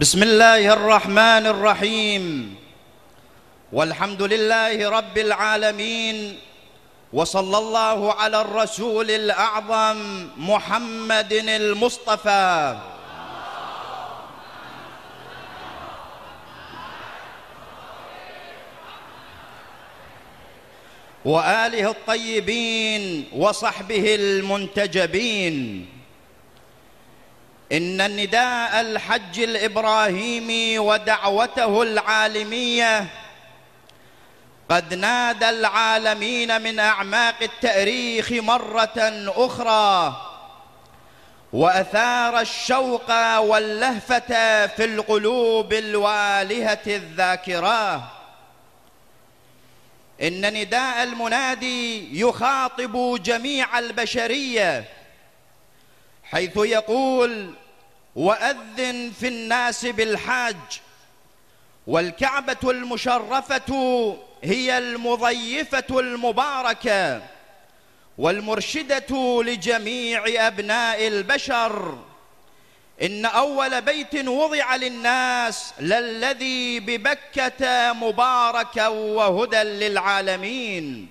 بسم الله الرحمن الرحيم والحمد لله رب العالمين وصلى الله على الرسول الأعظم محمد المصطفى وآله الطيبين وصحبه المنتجبين إن نداء الحج الإبراهيمي ودعوته العالمية قد نادى العالمين من أعماق التاريخ مرة أخرى وأثار الشوق واللهفة في القلوب الوالهة الذاكرة إن نداء المنادي يخاطب جميع البشرية حيث يقول وأذن في الناس بالحاج والكعبة المشرفة هي المضيفة المباركة والمرشدة لجميع أبناء البشر إن أول بيت وضع للناس للذي ببكة مباركا وهدى للعالمين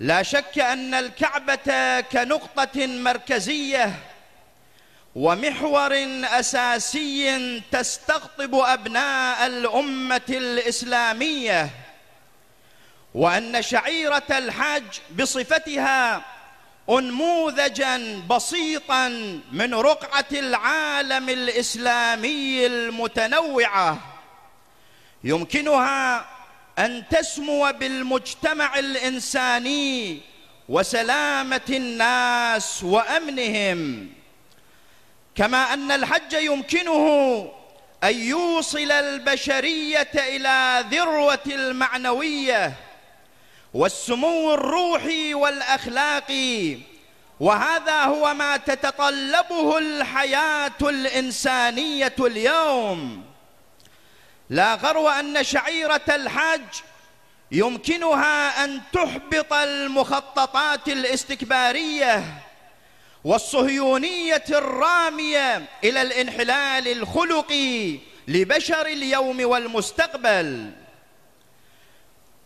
لا شك أن الكعبة كنقطة مركزية ومحور اساسي تستقطب ابناء الامه الاسلاميه وان شعيره الحج بصفتها انموذجا بسيطا من رقعه العالم الاسلامي المتنوعه يمكنها ان تسمو بالمجتمع الانساني وسلامه الناس وامنهم كما أن الحج يمكنه أن يوصل البشرية إلى ذروة المعنوية والسمو الروحي والأخلاقي وهذا هو ما تتطلبه الحياة الإنسانية اليوم لا غرو أن شعيرة الحج يمكنها أن تحبط المخططات الاستكبارية والصهيونية الرامية إلى الانحلال الخلقي لبشر اليوم والمستقبل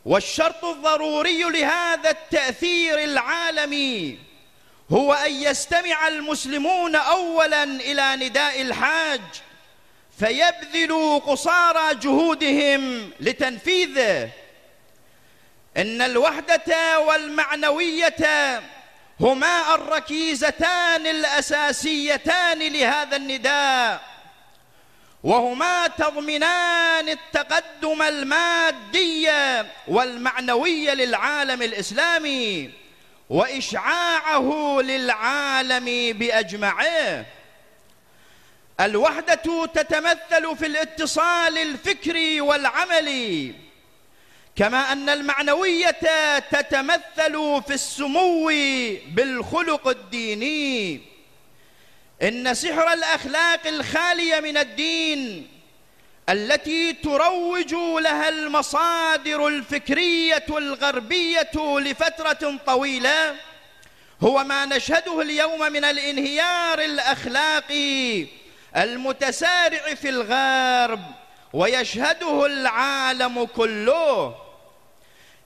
والشرط الضروري لهذا التأثير العالمي هو أن يستمع المسلمون أولا إلى نداء الحاج فيبذلوا قصارى جهودهم لتنفيذه إن الوحدة والمعنوية هما الركيزتان الأساسيتان لهذا النداء وهما تضمنان التقدم المادي والمعنوي للعالم الإسلامي وإشعاعه للعالم بأجمعه الوحدة تتمثل في الاتصال الفكري والعملي كما أن المعنوية تتمثل في السمو بالخلق الديني إن سحر الأخلاق الخالية من الدين التي تروج لها المصادر الفكرية الغربية لفترة طويلة هو ما نشهده اليوم من الانهيار الأخلاقي المتسارع في الغرب ويشهده العالم كله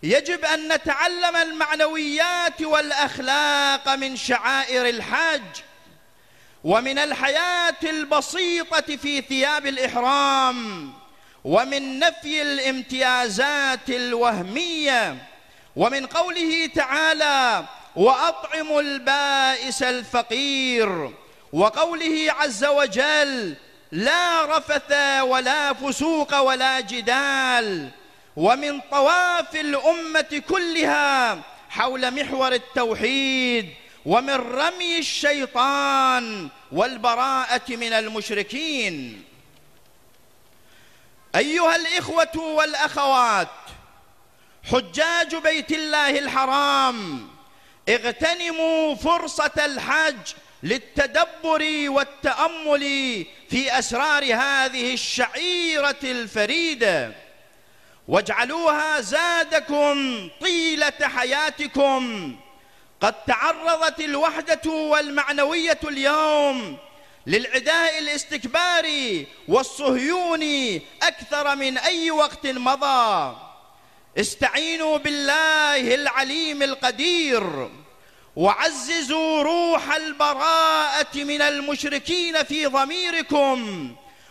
يجب أن نتعلم المعنويات والأخلاق من شعائر الحاج ومن الحياة البسيطة في ثياب الإحرام ومن نفي الامتيازات الوهمية ومن قوله تعالى وأطعموا البائس الفقير وقوله عز وجل لا رفث ولا فسوق ولا جدال ومن طواف الأمة كلها حول محور التوحيد ومن رمي الشيطان والبراءة من المشركين أيها الإخوة والأخوات حجاج بيت الله الحرام اغتنموا فرصة الحج للتدبر والتأمل في أسرار هذه الشعيرة الفريدة واجعلوها زادكم طيلة حياتكم قد تعرضت الوحدة والمعنوية اليوم للعداء الاستكباري والصهيوني أكثر من أي وقت مضى استعينوا بالله العليم القدير وعززوا روح البراءة من المشركين في ضميركم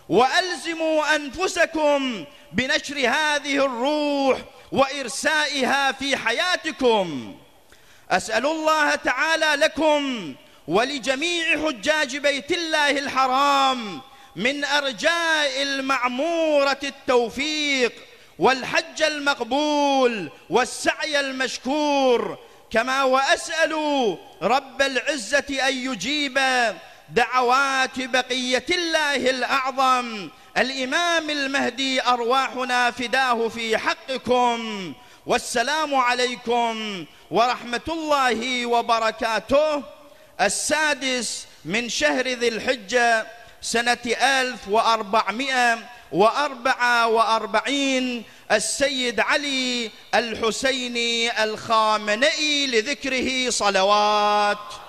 وألزموا أنفسكم بنشر هذه الروح وإرسائها في حياتكم أسأل الله تعالى لكم ولجميع حجاج بيت الله الحرام من أرجاء المعمورة التوفيق والحج المقبول والسعي المشكور كما وأسأل رب العزة أن يجيب دعوات بقية الله الأعظم الإمام المهدي أرواحنا فداه في حقكم والسلام عليكم ورحمة الله وبركاته السادس من شهر ذي الحجة سنة 1444 السيد علي الحسيني الخامنئي لذكره صلوات